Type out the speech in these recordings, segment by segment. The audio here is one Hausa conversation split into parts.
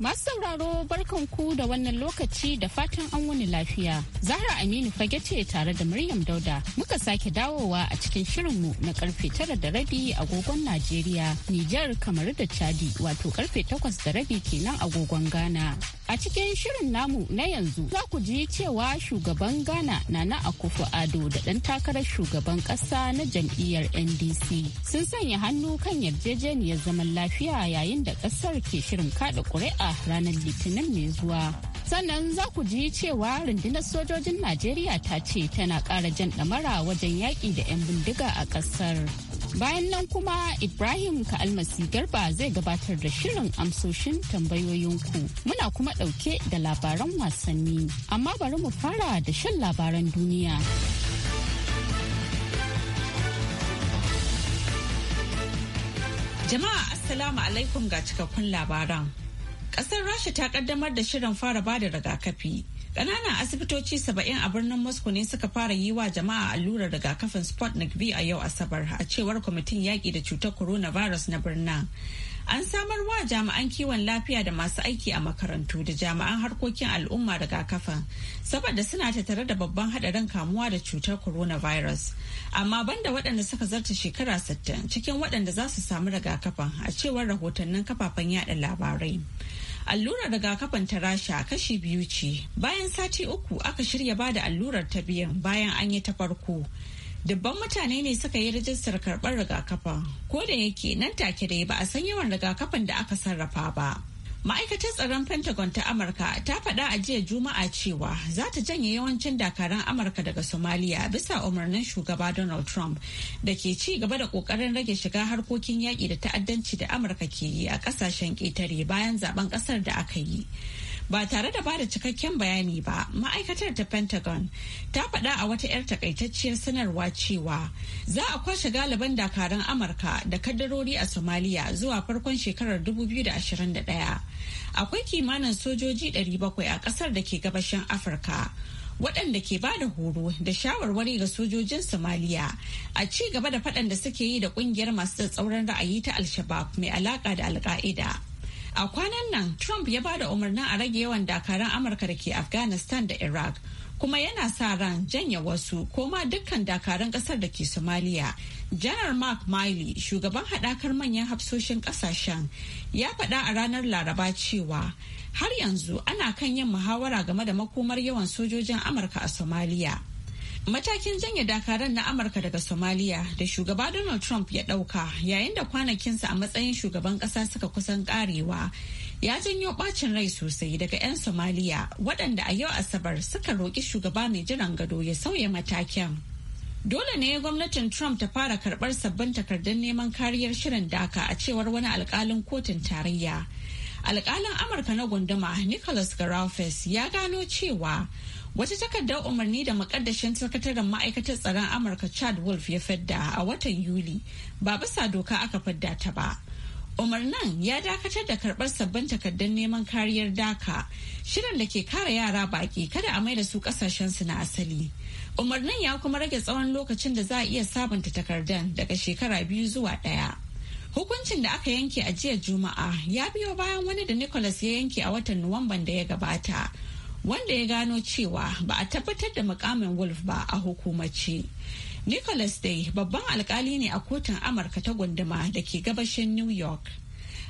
Masu sauraro barkan ku da wannan lokaci da fatan an wani lafiya. Zahra Aminu fage ce tare da Maryam Dauda muka sake dawowa a cikin shirinmu na karfe tara da rabi agogon Najeriya, Nijar kamar da Chadi wato karfe takwas da rabi kenan agogon Ghana. A cikin shirin namu na yanzu za ku ji cewa shugaban Ghana na Nana Akufo Ado da ɗan takarar shugaban ƙasa na jam'iyyar NDC sun sanya hannu kan yarjejeniyar zaman lafiya yayin da ƙasar ke shirin kaɗa ƙuri'a ranar Litinin mai zuwa. Sannan za ku ji cewa rundunar sojojin Najeriya ta ce tana kara jan ɗamara wajen yaƙi da 'yan bindiga a ƙasar. bayan nan kuma ibrahim ka almasi garba zai gabatar da shirin amsoshin tambayoyinku muna kuma ɗauke da labaran wasanni amma bari mu fara da shan labaran duniya jama'a assalamu alaikum ga cikakkun labaran kasar Rasha ta kaddamar da shirin fara bada rigakafi. kananan asibitoci saba'in a birnin Moscow ne suka fara yi wa jama'a allurar rigakafin Sputnik V a yau Asabar a cewar kwamitin yaƙi da cutar coronavirus na birnin. An samar wa jami'an kiwon lafiya da masu aiki a makarantu da jami'an harkokin al'umma rigakafan saboda suna tattare da babban hadarin kamuwa da cutar coronavirus. Amma banda waɗanda suka zarta shekara 60 cikin waɗanda za su samu rigakafin a cewar rahotannin kafafen yada labarai. allurar rigakafin ta rasha kashi biyu ce bayan sati uku aka shirya bada allurar ta biyan bayan an yi ta farko dubban mutane ne suka yi rajistar karɓar rigakafin ko da yake nan take dai ba a san yawan rigakafin da aka sarrafa ba ma'aikatar tsaron pentagon ta amurka ta faɗa a jiya juma'a cewa za ta janye yawancin dakaran amurka daga Somalia, bisa umarnin shugaba donald trump da ke ci gaba da ƙoƙarin rage shiga harkokin yaƙi da ta'addanci da amurka ke yi a ƙasashen ƙetare bayan zaben ƙasar da aka yi ba tare da bada cikakken bayani ba ma'aikatar ta pentagon ta faɗa a wata 'yar takaitacciyar sanarwa cewa za a kwashe galiban dakarun amurka da kaddarori a somaliya zuwa farkon shekarar 2021 akwai kimanin sojoji 700 a ƙasar da ke gabashin afirka waɗanda ke ba da horo da shawarwari ga sojojin somaliya a ci gaba da faɗan da suke yi da ƙungiyar masu tsauran ra'ayi ta alshabab mai alaƙa da alƙa'ida A kwanan nan, Trump ya ba da umarnin a rage yawan dakaran Amurka da ke Afghanistan da Iraq, kuma yana sa ran janya wasu ko ma dukkan dakaran kasar da ke Somalia. Janar Mark Miley, shugaban haɗakar manyan hafsoshin ƙasashen, ya faɗa a ranar Laraba cewa har yanzu ana kan yin muhawara game da makomar yawan sojojin Amurka a Somalia. Matakin janye dakaran na Amurka daga Somalia da shugaba Donald Trump ya ɗauka yayin da kwanakinsa a matsayin shugaban ƙasa suka kusan ƙarewa ya janyo ɓacin rai sosai daga 'yan Somalia waɗanda a yau Asabar suka roƙi shugaba mai jiran gado ya sauya matakin. Dole ne gwamnatin Trump ta fara karɓar sabbin takardun neman kariyar shirin daka a cewar wani alƙalin kotun tarayya. Alƙalin Amurka na gunduma Nicholas Garofis ya gano cewa Wata takardar umarni da makaddashin sakataren ma'aikatar tsaron Amurka Chad Wolf ya fadda a watan Yuli ba bisa doka aka fadda ta ba. Umarnin ya dakatar da karbar sabbin takardar neman kariyar daka, shirin da ke kare yara baƙi kada a mai da su ƙasashensu na asali. Umarnin ya kuma rage tsawon lokacin da za a iya sabunta takardar daga shekara biyu zuwa ɗaya. Hukuncin da aka yanke a jiya Juma'a ya biyo bayan wani da Nicholas ya yanke a watan Nuwamban da ya gabata. wanda ya gano cewa ba a tabbatar da mukamin wolf ba a hukumace nicholas day babban alkali ne a kotun amurka ta gunduma da ke gabashin new york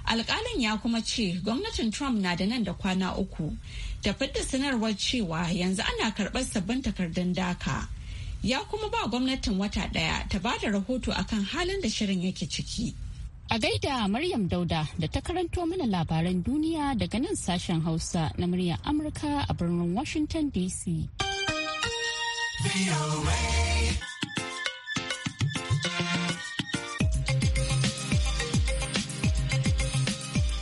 alkalin ya kuma ce gwamnatin trump na da nan da kwana uku ta da sanarwar cewa yanzu ana karɓar sabbin takardun daka ya kuma ba gwamnatin wata ɗaya ta ba da rahoto akan halin da shirin yake ciki. A gaida Maryam Dauda da ta karanto mana labaran duniya daga nan sashen Hausa na muryar Amurka a birnin Washington DC.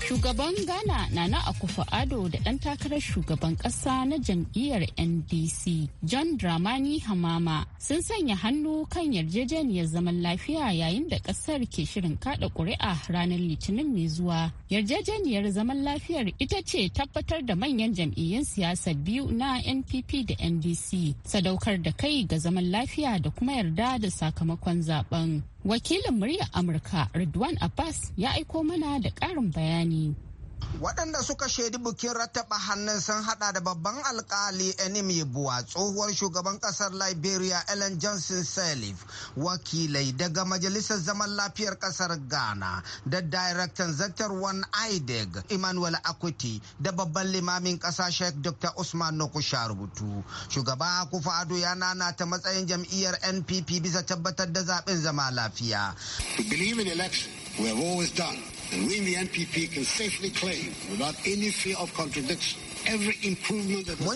Shugaban Ghana na na Akufo Ado da ɗan takarar shugaban ƙasa na jam'iyyar NDC John Dramani Hamama sun sanya hannu kan yarjejeniyar zaman lafiya yayin da ƙasar ke shirin kada ƙuri'a ranar Litinin mai zuwa. Yarjejeniyar zaman lafiyar ita ce tabbatar da manyan jam'iyyun siyasa biyu na NPP da NDC sadaukar da kai ga zaman lafiya da kuma yarda da sakamakon zaben. Wakilin muryar Amurka Ridwan Abbas ya aiko mana da ƙarin bayani. Waɗanda suka shaidi bikin rattaba hannun sun hada da babban alkali Enimi Buwa, tsohuwar shugaban ƙasar Liberia Ellen Johnson Sirleaf, wakilai daga Majalisar Zaman Lafiyar ƙasar Ghana da Daraktan Zartarwan IDEG Emmanuel Akuti da babban limamin ƙasa Sheikh Dr. Usman Nokusha rubutu. Shugaba Akufa Ado ya nana ta matsayin jam'iyyar NPP bisa tabbatar da zaben zama lafiya. We believe in election, we have always done. we the NPP can safely claim without any fear of contradiction Mun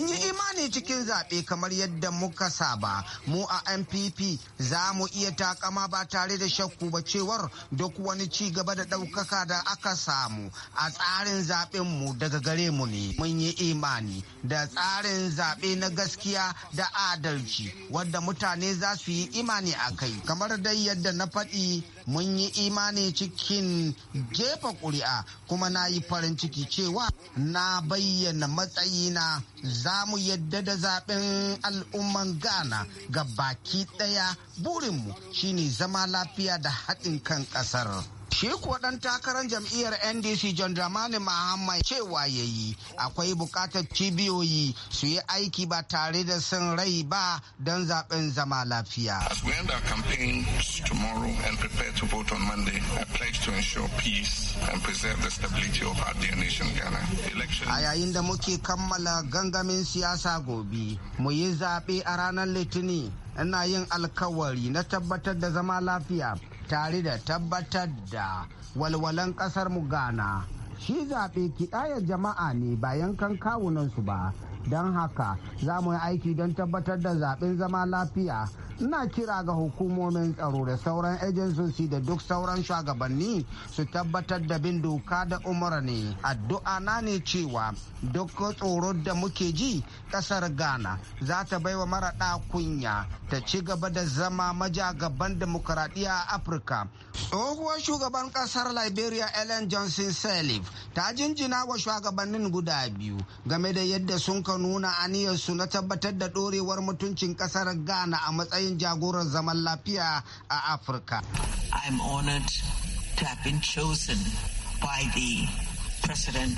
yi imani cikin zaɓe kamar yadda muka saba, mu a MPP za mu iya takama ba tare da shakku ba cewar duk wani ci gaba da ɗaukaka da aka samu a tsarin zaɓen mu daga gare mu ne. Mun yi imani da tsarin zaɓe na gaskiya da adalci wadda mutane za su yi imani a kai. Kamar dai yadda na faɗi mun yi imani cikin jefa ƙuri'a kuma na yi farin ciki cewa na bayyana matsayina za mu yadda da zaɓen al'umman ghana ga baki ɗaya burinmu shine zama lafiya da haɗin kan ƙasar. Shi kuwa ɗan takarar jam'iyyar NDC John Dramani Mahammai cewa ya yi akwai buƙatar cibiyoyi su yi aiki ba tare da son rai ba don zaɓen zama lafiya. As we end our campaigns tomorrow and prepare to vote on Monday, I pledge to ensure peace and preserve the stability of our dear nation Ghana. Election. A yayin da muke kammala gangamin siyasa gobe, mu yi zaɓe a ranar Litinin. Ina yin alkawari na tabbatar da zama lafiya tare da tabbatar da walwalan kasar mu Ghana. Shi zaɓe kiɗayar jama'a ne bayan kan kawunansu ba, don haka za mu yi aiki don tabbatar da zaɓen zama lafiya ina kira ga hukumomin tsaro da sauran ejensosi da duk sauran shugabanni su tabbatar da bin doka da umarni. addu'a na ne cewa duk tsoro da muke ji kasar ghana za ta wa maraɗa kunya ta ci gaba da zama majagaban demokaradiyya a afirka tsohuwar shugaban kasar liberia ellen johnson sirleaf ta jinjina wa shugabannin guda biyu game da yadda sun ka nuna aniyarsu na tabbatar da ɗorewar mutuncin kasar ghana a matsayin jagorar zaman lafiya a Afirka. I'm honored to have been chosen by the President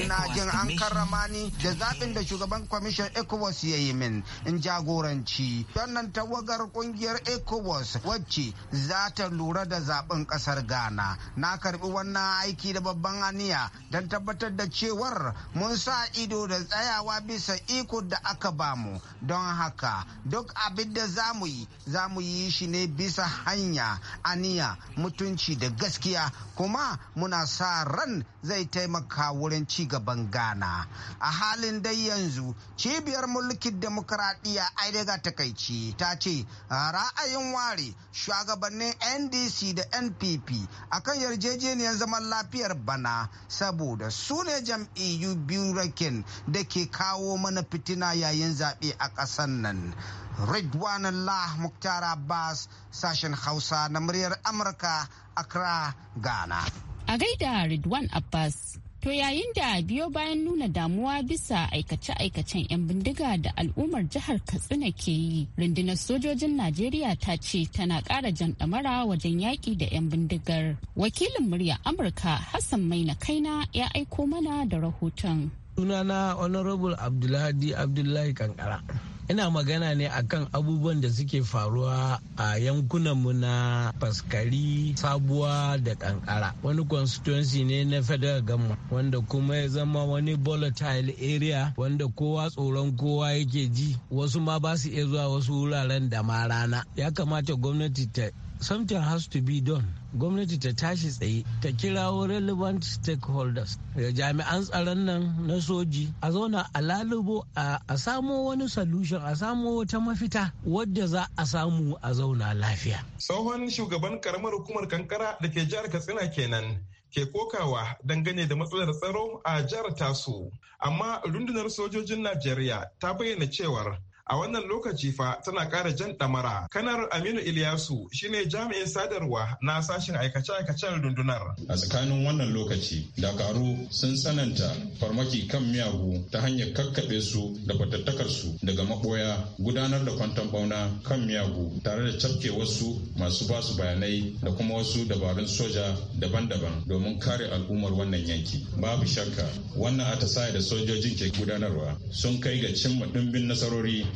ina jin an karrama ni da zaɓin da shugaban kwamishin ecowas ya yi min in jagoranci wannan tawagar kungiyar ecowas wacce za ta lura da zaɓen ƙasar ghana na karɓi wannan aiki da babban aniya don tabbatar da cewar mun sa ido da tsayawa bisa iko da aka bamu don haka duk abin da za mu yi za mu yi shi ne bisa hanya aniya mutunci da gaskiya kuma muna sa ran zai taimaka wurin domin ci gaban ghana a halin dai yanzu cibiyar mulkin demokuraɗiyya aidaga takaici ta ce ra'ayin ware shugabannin ndc da npp akan yarjejeniyar zaman lafiyar bana saboda su ne jam'iyyu biyu rakin da ke kawo mana fitina yayin zaɓe a ƙasar nan allah Muktar Abbas sashen Hausa na muryar Amurka Accra, Ghana. A gaida Ridwan Abbas. To yayin da biyo bayan nuna damuwa bisa aikace-aikacen 'yan bindiga da al'ummar jihar Katsina ke yi, rundunar sojojin Najeriya ta ce tana ƙara jan ɗamara wajen yaƙi da 'yan bindigar. Wakilin murya Amurka Hassan Maina Kaina ya aiko mana da rahoton. sunana honorable abdulhadi abdullahi kankara ina magana ne akan abubuwan da suke faruwa a yankunanmu na faskari sabuwa da kankara wani constituency ne na federal gamma wanda kuma ya zama wani volatile area wanda kowa tsoron kowa yake ji wasu ma ba su iya zuwa wasu wuraren da ma rana ya kamata gwamnati ta something has to be done gwamnati ta tashi tsaye ta kirawo relevant stakeholders da jami'an tsaron nan na soji a zauna a lalubo a samo wani solution a samo wata mafita wadda za a samu a zauna lafiya tsohon shugaban karamar hukumar kankara da ke jihar katsina kenan ke kokawa dangane da matsalar tsaro a jihar tasu amma rundunar sojojin najeriya ta bayyana cewar a wannan lokaci fa tana kara jan damara. Kanar Aminu Ilyasu shine jami'in sadarwa na sashen aikace-aikacen rundunar. A tsakanin wannan lokaci, Dakaru sun tsananta farmaki kan miyagu ta hanyar kakkaɓe su da fatattakar su daga maɓoya gudanar da kwanton bauna kan miyagu tare da cafke wasu masu basu bayanai da kuma wasu dabarun soja daban-daban domin kare al'ummar wannan yanki. Babu shakka wannan atasaya da sojojin ke gudanarwa sun kai ga cimma dimbin nasarori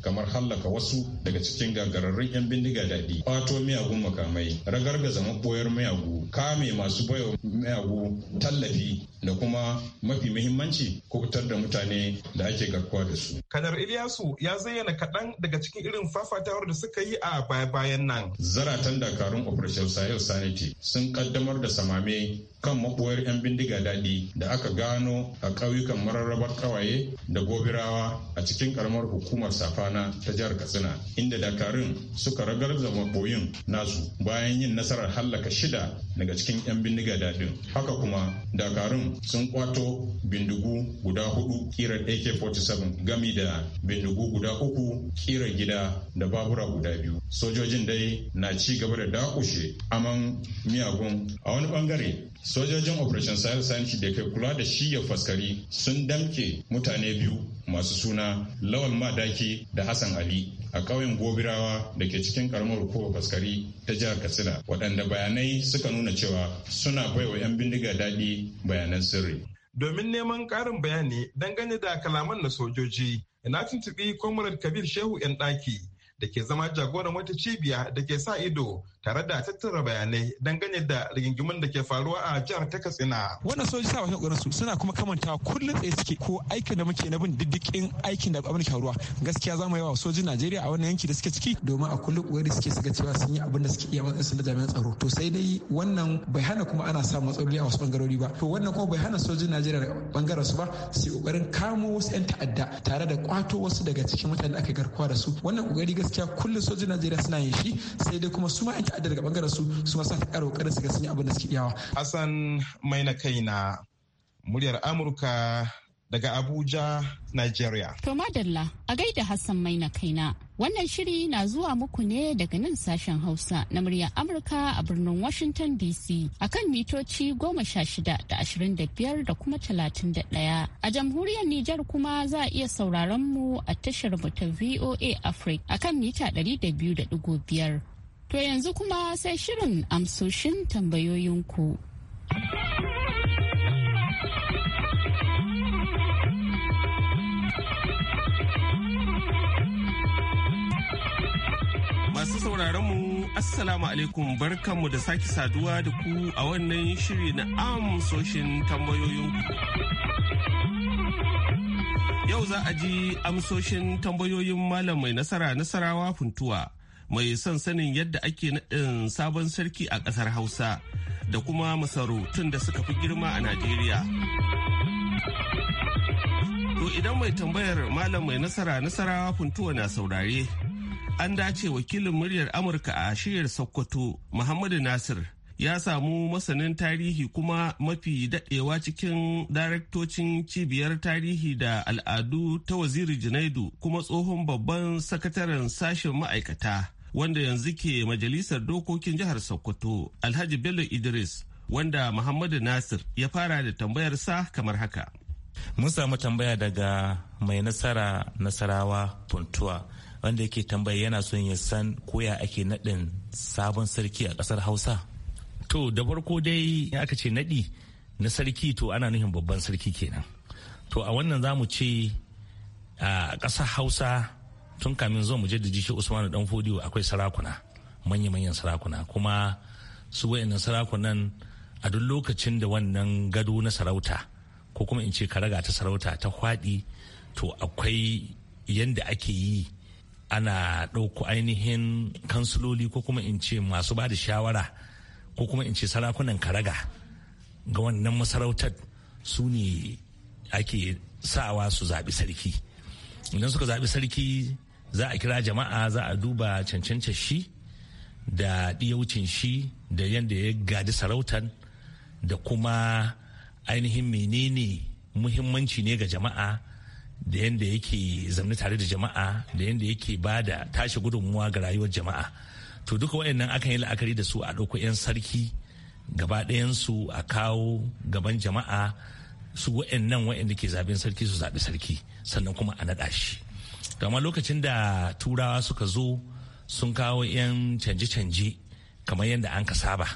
kamar hallaka wasu daga cikin gagararrun 'yan bindiga daɗi kwato miyagun makamai ragargaza maɓoyar miyagu kame masu baiwa miyagu tallafi da kuma mafi muhimmanci ko kubutar da mutane da ake garkuwa da su. kanar iliyasu ya zayyana kaɗan daga cikin irin fafatawar da suka yi a baya-bayan nan. zaratan dakarun operation sahel sanity sun kaddamar da samame kan maɓoyar 'yan bindiga daɗi da aka gano a ƙauyukan mararrabar ƙawaye da gobirawa a cikin ƙaramar hukumar safa rana ta jihar katsina inda dakarun suka ragarza maɓoyin nasu bayan yin nasarar hallaka shida daga cikin 'yan bindiga dadin haka kuma dakarun sun kwato bindigu guda hudu kirar ak-47 gami da bindigu guda uku kirar gida da babura guda biyu sojojin dai na ci gaba da dakushe aman miyagun a wani bangare sojojin operation sahel sanci da ke kula da shi ya faskari sun damke mutane biyu masu suna lawan madaki da hassan ali a ƙauyen gobirawa da ke cikin karamar kowa faskari ta jihar katsina waɗanda bayanai suka nuna cewa suna baiwa 'yan bindiga daɗi bayanan sirri domin neman ƙarin bayani dangane da kalaman na sojoji na tuntuɓi kwamarar kabir shehu yan ɗaki da ke zama jagoran wata cibiya da ke sa ido tare da tattara bayanai dangane da rigingimun da ke faruwa a jihar ta katsina wannan soji sa bakin ƙwararsu suna kuma kamantawa kullum tsaye suke ko aikin da muke na bin diddikin aikin da abin ke gaskiya za mu yi wa sojin najeriya a wannan yanki da suke ciki domin a kullum ƙwararri suke suka cewa sun yi abin da suke iya matsayin su na jami'an tsaro to sai dai wannan bai hana kuma ana sa matsaloli a wasu bangarori ba to wannan kuma bai hana sojin najeriya daga bangaren su ba su ƙoƙarin kamo wasu yan ta'adda tare da kwato wasu daga cikin mutane da aka garkuwa da su wannan kokari gaskiya kullum sojin najeriya suna yin shi sai dai kuma su ma ta'adda daga bangaren su su ma karo kada su ga abin da suke iyawa. Hassan mai na kai muryar Amurka daga Abuja, Nigeria. To Madalla, a gaida Hassan Maina kaina. Wannan shiri na zuwa muku ne daga nan sashen Hausa na muryar Amurka a birnin Washington DC akan mitoci goma sha shida da ashirin da biyar da kuma talatin da ɗaya. A jamhuriyar Nijar kuma za a iya sauraron mu a tashar mu ta VOA Africa akan mita ɗari da biyu da ɗigo biyar. To yanzu kuma sai shirin amsoshin tambayoyinku. Masu sauraronmu Assalamu alaikum barkanmu da sake saduwa da ku a wannan shiri na amsoshin tambayoyinku. Yau za a ji amsoshin tambayoyin malam mai nasara nasarawa funtuwa. mai son sanin yadda ake naɗin sabon sarki a ƙasar hausa da kuma masarautun da suka fi girma a najeriya to idan mai tambayar malam mai nasara nasara funtuwa na saurare an dace wakilin muryar amurka a shiryar sokoto muhammadu nasir ya samu masanin tarihi kuma mafi daɗewa cikin daraktocin cibiyar tarihi da al'adu ta waziri Junaidu, kuma tsohon babban sakataren sashen ma'aikata wanda yanzu ke majalisar dokokin jihar sokoto alhaji bello idris wanda muhammadu nasir ya fara da sa kamar haka mun samu tambaya daga mai nasara nasarawa puntuwa wanda yake tambaya yana son ya san koya ake naɗin sabon sarki a ƙasar hausa to da farko dai aka ce naɗi na sarki to ana nufin babban sarki kenan to a wannan za mu ce a ƙasar hausa tun kamin zuwa da shi usmanu dan fodiyo akwai sarakuna manya-manyan sarakuna kuma su wayannan sarakunan a duk lokacin da wannan gado na sarauta ko kuma in ce karaga ta sarauta ta kwadi to akwai yadda ake yi ana ɗauko ainihin kansuloli ko kuma in ce masu ba da shawara ko kuma in ce sarakunan karaga ga wannan masarautar su ne ake sawa su zaɓi sarki idan suka zaɓi sarki za a kira jama'a za a duba cancanta shi da ɗiyaucin shi da yadda ya gadi sarautan da kuma ainihin menene muhimmanci ne ga jama'a da yadda yake zamne tare da jama'a da yadda yake ba da tashi gudunmuwa ga rayuwar jama'a to duka wayannan akan yi la'akari da su a ɗauko 'yan sarki gaba ɗayansu a kawo gaban jama'a su wayannan wayanda ke zaben sarki su zaɓi sarki sannan kuma a naɗa shi to lokacin da turawa suka zo sun kawo 'yan canje-canje kamar yadda an ka saba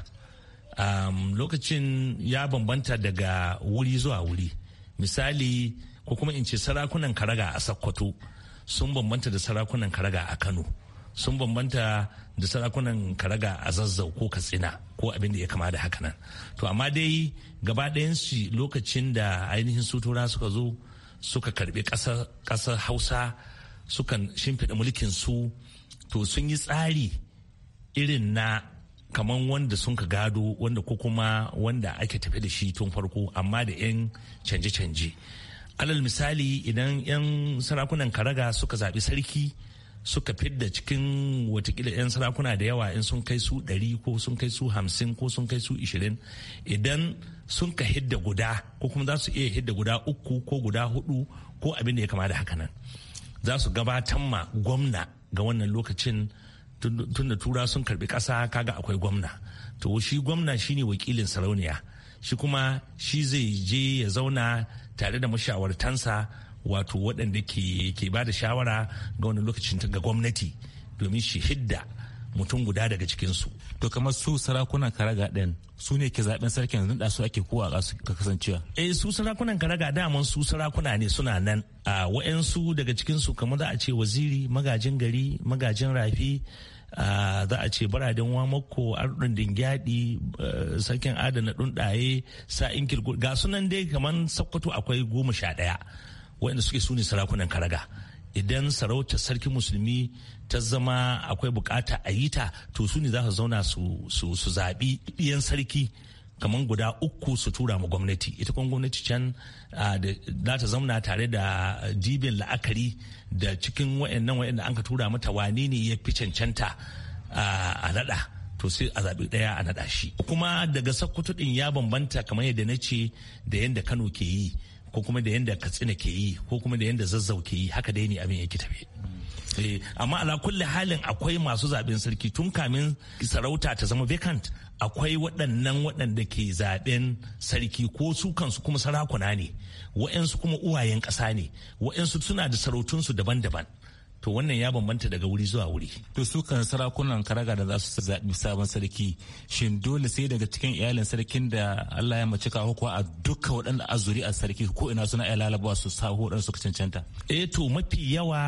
um, lokacin ya bambanta daga wuri zuwa wuri misali ko kuma in ce sarakunan karaga a sakkwato sun bambanta da sarakunan karaga a kano sun bambanta da sarakunan karaga a zazzau ko katsina ko abin da ya kama da haka nan to amma dai gaba su lokacin da ainihin su tura suka zo suka karbi ƙasar hausa sukan shimfiɗa mulkin su to sun yi tsari irin na kamar wanda sun ka gado wanda ko kuma wanda ake tafi da shi tun farko amma da 'yan canje-canje alal misali idan 'yan sarakunan karaga suka zaɓi sarki suka fidda cikin watakila 'yan sarakuna da yawa in sun kai su 100 ko sun kai su 50 ko sun kai su 20 idan sun ka hidda guda ko kuma za su iya hidda guda uku ko guda hudu ko abin da ya kama da haka nan za su gabatar ma gwamna ga wannan lokacin tun da tura sun karbi ƙasa kaga akwai gwamna to shi gwamna shine wakilin sarauniya shi kuma shi zai je ya zauna tare da mashawartansa wato waɗanda ke ba da shawara ga wannan lokacin ga gwamnati domin shi hidda mutum guda daga cikinsu. To kamar su sarakunan karaga ɗin su ne ke zaɓen sarkin naɗa su ake kowa ka kasancewa. Eh su sarakunan karaga daman su sarakuna ne suna nan. A wa'yansu daga cikinsu kamar za a ce waziri magajin gari magajin rafi za a ce baraden wamako arɗin Gyadi eh, sarkin adana ɗunɗaye sa'in kirgur ga sunan dai kamar sakkwato akwai goma sha ɗaya waɗanda suke su ne sarakunan karaga. idan sarautar sarki musulmi ta zama akwai bukata a yi ta to su ne za su zauna su zaɓi ɗiyan sarki kamar guda uku su tura ma gwamnati ita kuma gwamnati can za ta zauna tare da jibin la'akari da cikin wa'annan wayanda an ka tura mata wane ne ya fi cancanta a naɗa to sai a zaɓi ɗaya a naɗa shi kuma daga sakkwato ɗin ya bambanta kamar yadda na ce da yadda kano ke yi ko kuma da yanda katsina ke yi ko kuma da yanda zazzau ke yi haka dai ne abin yake kitabe eh, amma ala kulli halin akwai masu zaben sarki tun kamin sarauta ta zama vacant akwai waɗannan waɗanda ke zaben sarki ko su kansu kuma sarakuna ne wa'ansu kuma uwayen ƙasa ne wa'yansu suna da sarautunsu daban-daban to wannan ya bambanta daga wuri zuwa wuri to su kan sarakunan karaga da za su zaɓi sabon sarki shin dole sai daga cikin iyalin sarkin da Allah ya mace kawo kuwa a duka waɗanda a zuri a sarki ko ina suna iya lalabawa su sahu waɗanda suka cancanta eh to mafi yawa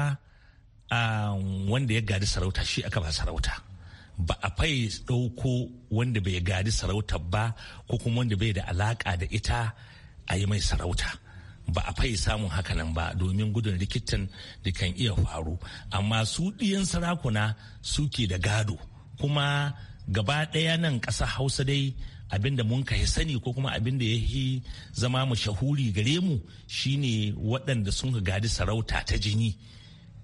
wanda ya gadi sarauta shi aka ba sarauta ba a fai ɗauko wanda bai gadi sarauta ba ko kuma wanda bai da alaƙa da ita a yi mai sarauta ba a fai samun hakanan ba domin gudun rikitan da kan iya faru amma su ɗiyan sarakuna suke da gado kuma gaba ɗaya nan ƙasa hausa dai abin da mun kai sani ko kuma abin da ya yi zama mu shahuri gare mu shine waɗanda sun gadi sarauta ta jini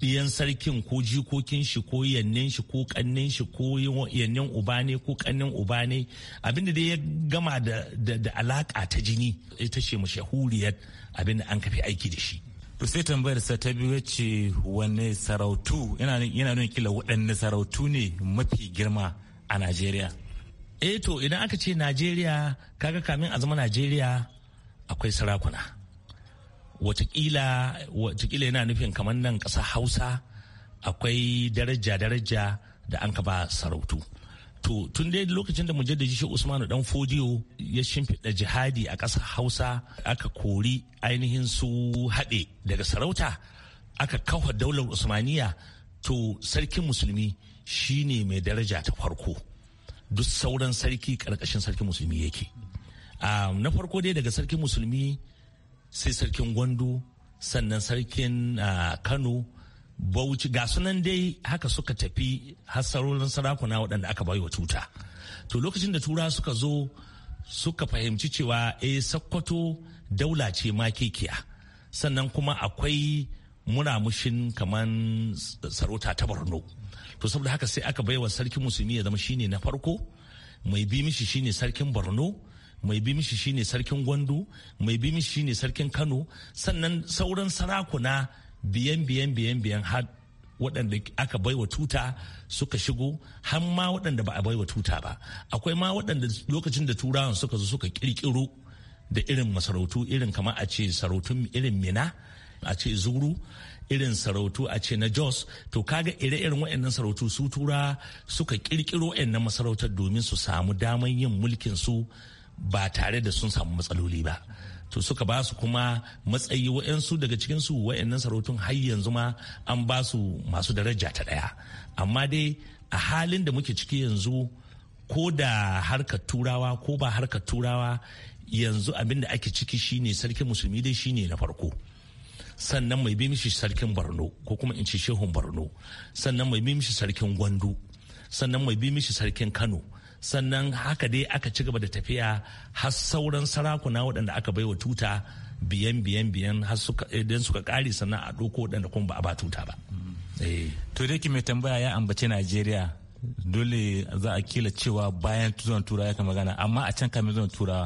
biyan sarkin ko jikokin shi ko yannin shi ko kannin shi ko yannin uba ne ko kannin uba ne abinda dai ya gama da alaka ta jini ita ce mu mashahuriyar abinda an kafi aiki da shi to sai tambayar sa ta biyu ce wani sarautu yana nuna kila waɗanne sarautu ne mafi girma a najeriya eh to idan aka ce najeriya kaga kamin a zama najeriya akwai sarakuna watakila yana nufin kamar nan ƙasa hausa akwai daraja-daraja da an ka ba sarautu to tun dai lokacin da mujaddadi shi usmanu dan fodiyo ya shimfiɗa jihadi a ƙasar hausa aka kori ainihin su haɗe daga sarauta aka kafa daular usmaniya to sarkin musulmi shine mai daraja ta farko duk sauran sarki ƙarƙashin sarkin musulmi yake na farko dai daga sarkin musulmi sai sarkin gwandu sannan sarkin kano bauchi ga sunan dai haka suka tafi hasarorin sarakuna waɗanda aka baiwa tuta to lokacin da tura suka zo suka fahimci cewa e eh, sakkwato daula ce ma kekiya sannan kuma akwai muramushin kaman sarauta ta borno to saboda haka sai aka baiwa sarkin musulmi ya zama shine na farko mai bi mishi shine sarkin borno mai bi mishi shine sarkin gwandu mai bi mishi shine sarkin kano sannan sauran sarakuna biyan biyan biyan biyan har waɗanda aka baiwa tuta suka shigo har ma waɗanda ba a baiwa tuta ba akwai ma waɗanda lokacin da turawan suka zo suka kirkiro da irin masarautu irin kamar a ce sarautun irin mina a ce zuru irin sarautu a ce na jos to kaga ire irin wa'annan sarautu su tura suka kirkiro waannan masarautar domin su samu daman yin mulkin su ba tare da sun samu matsaloli ba to suka ba su kuma matsayi wa'yansu daga cikin su wa'yannan sarautun har yanzu ma an ba su masu daraja ta ɗaya amma dai a halin da muke ciki yanzu ko da harkar turawa ko ba harkar turawa yanzu abin da ake ciki shine sarkin musulmi dai shine na farko sannan mai bi mishi sarkin borno ko kuma in ce shehun borno sannan mai bi mishi sarkin gwandu sannan mai bi mishi sarkin kano sannan haka dai aka ci gaba da tafiya har sauran sarakuna waɗanda aka baiwa tuta biyan biyan biyan har idan suka kare sannan a ɗauko waɗanda kuma ba a ba tuta ba. Eh. to dai mai tambaya ya ambaci najeriya dole za a kila cewa bayan zuwan tura ya magana amma a can kamin zuwan tura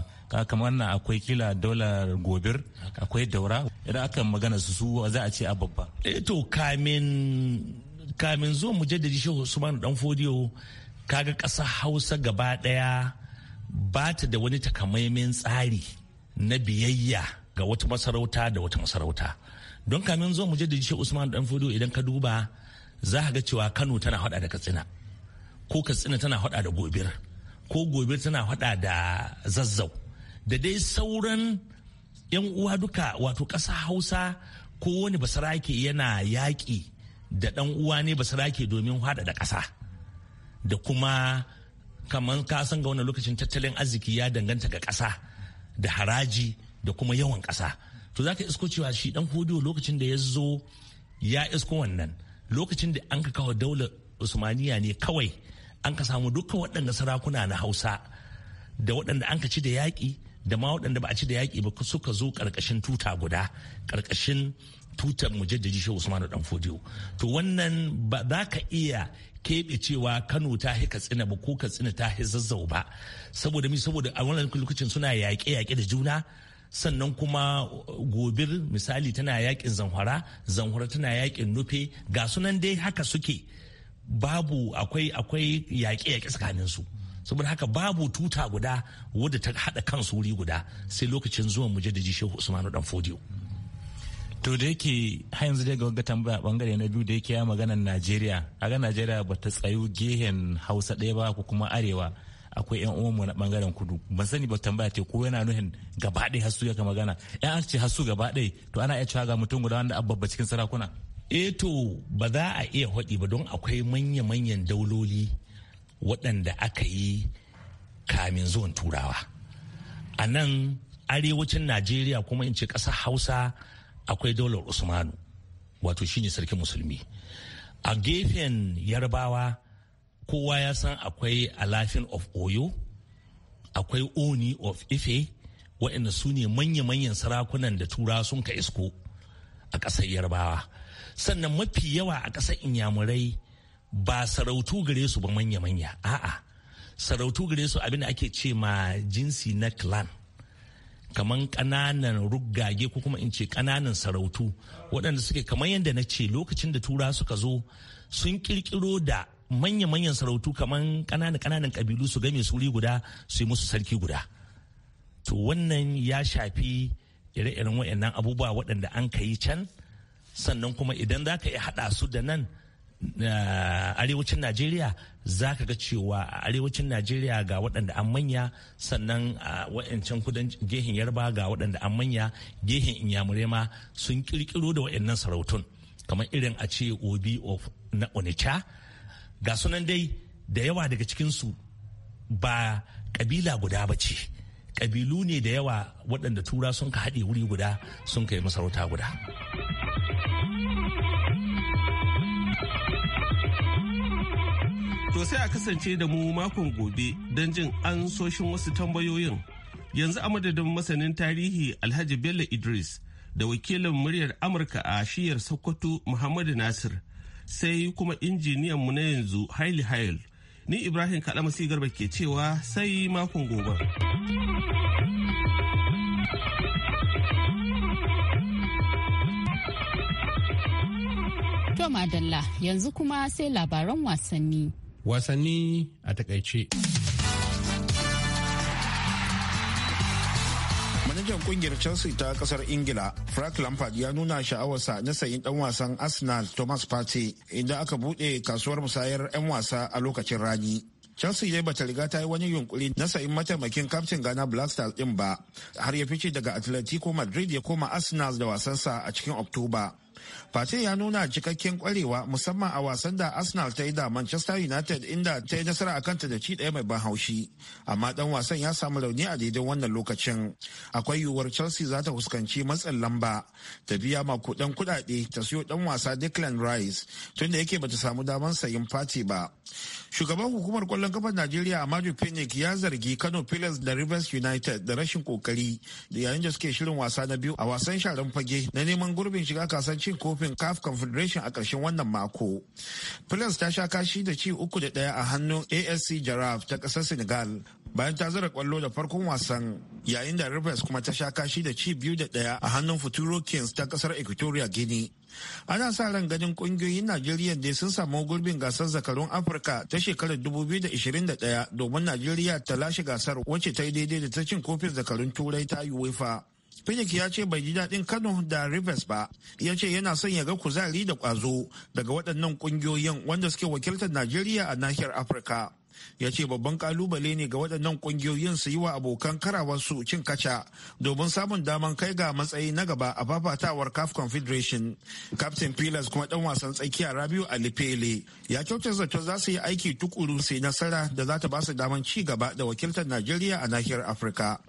kamar na akwai kila dolar gobir akwai daura idan aka magana su su za a ce a babba. Eh to kamin kamin zuwan mujaddadi shehu usman dan fodiyo kaga ƙasa hausa gaba ɗaya ba ta da wani takamaimin tsari na biyayya ga wata masarauta da wata masarauta don kamin zo mu je da usman dan fudu idan ka duba za ka ga cewa kano tana hada da katsina ko katsina tana hada da gobir ko gobir tana hada da zazzau da dai sauran yan uwa duka wato ƙasa hausa ko wani basarake yana yaƙi da ɗan uwa ne basarake domin hada da ƙasa da kuma kamar ka san ga wani lokacin tattalin arziki ya danganta ga ƙasa da haraji da kuma yawan ƙasa to za ka isko cewa shi dan hudu lokacin da ya zo ya isko wannan lokacin da an ka kawo daular usmaniya ne kawai an ka samu dukkan waɗanda sarakuna na hausa da waɗanda an ka ci da yaƙi da ma waɗanda ba a ci da yaƙi ba suka zo ƙarƙashin tuta guda ƙarƙashin tutar mujaddadi shehu usmanu dan fodiyo to wannan ba za ka iya keɓe cewa kano ta hi katsina ba ko katsina ta hi zazzau ba saboda mi saboda a wannan lokacin suna yaƙe yaƙe da juna sannan kuma uh, gobir misali tana yaƙin zanhara zanhara tana yaƙin nufe ga sunan dai haka suke babu akwai akwai yaƙe yaƙe tsakanin su saboda haka babu tuta guda wadda ta haɗa kan wuri guda sai lokacin zuwan mujaddiji shehu usmanu dan fodiyo to da yake har yanzu dai ga tambaya bangare na biyu da yake ya maganar najeriya a ga najeriya ba ta tsayu gehen hausa ɗaya ba ko kuma arewa akwai yan uwanmu na bangaren kudu ban sani ba tambaya ce ko yana nuhin gaba ɗaya hasu ya ka magana yan an ce hasu gaba to ana iya cewa ga mutum guda wanda abba cikin sarakuna e to ba za a iya haɗi ba don akwai manya-manyan dauloli waɗanda aka yi kamin zuwan turawa a nan arewacin najeriya kuma in ce ƙasar hausa akwai daular usmanu wato shine sarkin musulmi a gefen yarbawa kowa ya san akwai alafin of oyo akwai oni of ife waɗanda su ne manya-manyan sarakunan da tura sun ka isko a ƙasar yarbawa sannan mafi yawa a ƙasar inyamurai ba sarautu gare su ba manya-manya a'a sarautu gare su abin da ake ce ma jinsi na clan kaman ƙananan ruggage ko kuma in ce ƙananan sarautu waɗanda suke kamar yadda na ce lokacin da tura suka zo sun ƙirƙiro da manya-manyan sarautu kaman ƙananan kananan kabilu su game su wuri guda su yi musu sarki guda to wannan ya shafi ire-iren waɗannan abubuwa waɗanda an ka yi can sannan kuma idan za ka iya haɗa su da nan arewacin najeriya za ka ga cewa a arewacin najeriya ga waɗanda an manya sannan a wa'ancan kudan gehen yarba ga waɗanda an manya gehen inyamure ma sun kirkiro da wa'annan sarautun kamar irin a ce obi of na onitsha ga sunan dai da yawa daga cikinsu ba kabila guda ba ce kabilu ne da yawa waɗanda tura sun ka haɗe wuri guda sun ka yi masarauta guda. To sai a kasance da mu makon gobe don jin an soshin wasu tambayoyin. Yanzu a madadin masanin tarihi Alhaji Bello Idris da wakilin muryar Amurka a shiyar Sokoto Muhammadu Nasir sai kuma injiniyan mu na yanzu Haile Haile. Ni Ibrahim Kalamasi Garba ke cewa sai makon gobe. To Madalla yanzu kuma sai labaran wasanni. wasanni a takaice. manajan kungiyar chelsea ta kasar ingila frank lampard ya nuna sha'awarsa na sayin dan wasan arsenal thomas partey inda aka bude kasuwar musayar 'yan wasa a lokacin rani chelsea dai bata riga ta yi wani yunkuri na sayin mataimakin kaftin ghana black stars din ba har ya fice daga atletico madrid ya koma arsenal da wasansa a cikin oktoba Fatih ya nuna cikakken kwarewa musamman a wasan da Arsenal ta yi da Manchester United inda ta yi nasara a kanta da ci ɗaya mai ban haushi. Amma dan wasan ya samu rauni a daidai wannan lokacin. Akwai yiwuwar Chelsea za ta fuskanci matsin lamba ta biya kuɗin kuɗaɗe ta siyo ɗan wasa Declan Rice tunda yake bata samu damar sayin Fati ba. Shugaban hukumar kwallon kafar Najeriya Amadu Pinnick ya zargi Kano Pillars da Rivers United da rashin kokari da yayin da suke shirin wasa na biyu a wasan sharan fage na neman gurbin shiga kasan kofin CAF Confederation a ƙarshen wannan mako. Plus ta sha kashi da ci uku da ɗaya a hannun ASC Jaraf ta ƙasar Senegal bayan ta zara kwallo da farkon wasan yayin da Rivers kuma ta sha kashi da ci biyu da ɗaya a hannun Futuro Kings ta ƙasar Equatorial Guinea. Ana sa ran ganin ƙungiyoyin Najeriya da sun samu gurbin gasar zakarun Afirka ta shekarar 2021 domin Najeriya ta lashe gasar wacce ta yi daidai da ta cin kofin zakarun Turai ta UEFA. Pinnick ya ce bai ji daɗin Kano da Rivers ba, ya ce yana son ya ga kuzari da ƙwazo daga waɗannan ƙungiyoyin wanda suke wakiltar Najeriya a nahiyar Afirka. Ya ce babban kalubale ne ga waɗannan ƙungiyoyin su yi wa abokan karawarsu cin kaca domin samun daman kai ga matsayi na gaba a fafatawar CAF Confederation. Captain Pilas kuma ɗan wasan tsakiya Rabiu Alifele ya kyautar zato za su yi aiki tukuru sai nasara da za ta ba su daman ci gaba da wakiltar Najeriya a nahiyar Afirka.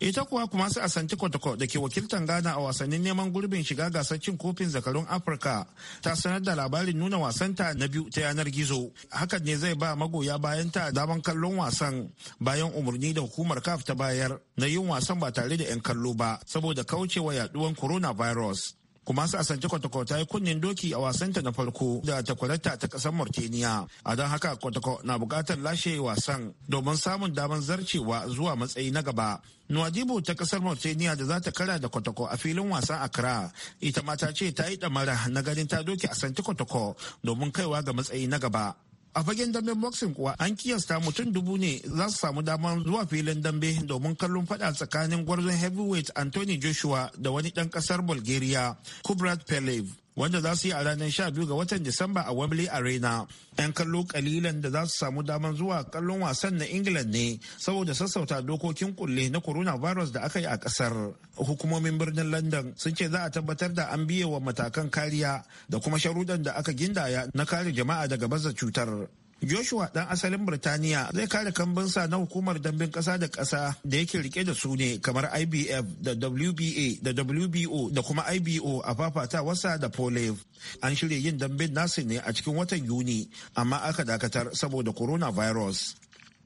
ita kuwa kuma su asanti kwatakwa da ke wakiltar ghana a wasannin neman gurbin shiga gasar cin kofin zakarun afirka ta sanar da labarin nuna wasanta na biyu ta yanar gizo hakan ne zai ba magoya bayan ta daman kallon wasan bayan umarni da hukumar kaf ta bayar na yin wasan ba tare da 'yan kallo ba saboda kaucewa yaduwan coronavirus kuma su asance kwatakwata ta yi kunnen doki a wasanta na farko da takwarata ta kasar mauritania a don haka kwatako na bukatar lashe wasan domin samun damar zarcewa zuwa matsayi na gaba nuwadibu ta kasar mauritania da za ta kara da kwatako a filin wasan accra ita mata ce ta yi damara na ganin ta doki asante kwatako domin kaiwa ga matsayi na gaba a fagen damben boxing kuwa an kiyasta mutum dubu ne za su samu damar zuwa filin dambe domin kallon fada tsakanin gwarzon heavyweight anthony joshua da wani ɗan ƙasar bulgaria kubrat pelev wanda za su yi a ranar 12 ga watan Disamba a Wembley Arena. 'Yan kallo kalilan da za su samu damar zuwa kallon wasan na England ne saboda sassauta dokokin kulle na coronavirus da aka yi a kasar. Hukumomin birnin London sun ce za a tabbatar da an biye wa matakan kariya da kuma sharudan da aka gindaya na kare jama'a daga baza cutar. Joshua dan asalin Birtaniya zai kare kambinsa na hukumar dambin kasa da kasa da yake rike da su ne kamar IBF da WBA da WBO da kuma IBO a fafata wasa da Polev. An shirya yin dambin nasu ne a cikin watan Yuni amma aka dakatar saboda coronavirus.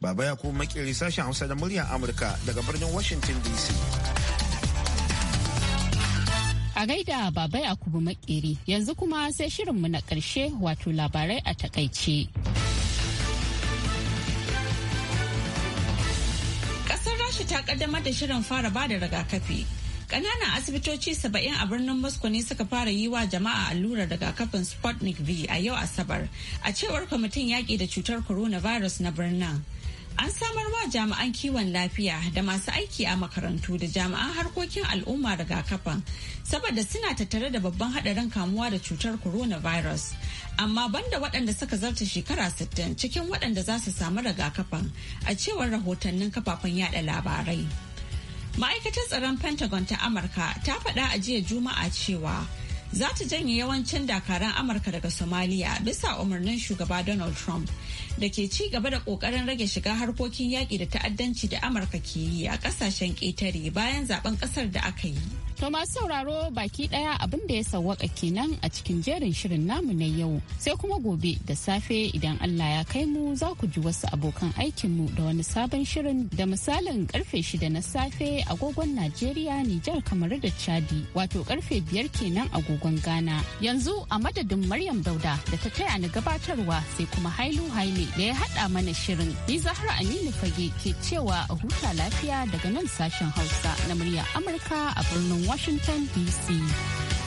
Baba ya kuma makiri sashen Hausa da muryar Amurka daga birnin Washington DC. A gaida Baba Yakubu Makeri yanzu kuma sai shirinmu na ƙarshe wato labarai a takaice. ta kaddamar da shirin fara ba da rigakafi. Ƙananan asibitoci saba'in a birnin Moscow ne suka fara yi wa jama'a allurar rigakafin Sputnik V a yau Asabar, a cewar kwamitin yaƙi da cutar coronavirus na birnin. An samar wa jami'an kiwon lafiya da masu aiki a makarantu da jami'an harkokin al'umma rigakafan saboda suna tattare da babban hadarin kamuwa da cutar coronavirus. Amma banda waɗanda suka zarta shekara 60 cikin waɗanda za su samu rigakafan a cewar rahotannin kafafen yada labarai. Ma'aikatar tsaron Pentagon ta Amurka ta faɗa a jiya Juma'a cewa za ta janye yawancin dakaran amurka daga somaliya bisa umarnin shugaba donald trump da ke ci gaba da kokarin rage shiga harkokin yaƙi da ta'addanci da amurka ke yi a ƙasashen ƙetare bayan zaben ƙasar da aka yi To masu sauraro baki daya abin da ya sawwaka kenan a cikin jerin shirin namu na yau sai kuma gobe da safe idan Allah ya kai mu za ku ji wasu abokan aikinmu da wani sabon shirin da misalin karfe shida na safe agogon Najeriya Nijar kamar da Chadi wato karfe biyar kenan agogon Ghana. Yanzu a madadin Maryam Dauda da ta taya ni gabatarwa sai kuma Hailu Haile da ya haɗa mana shirin. Ni Zahra Aminu Fage ke cewa a huta lafiya daga nan sashen Hausa na murya Amurka a birnin Washington DC.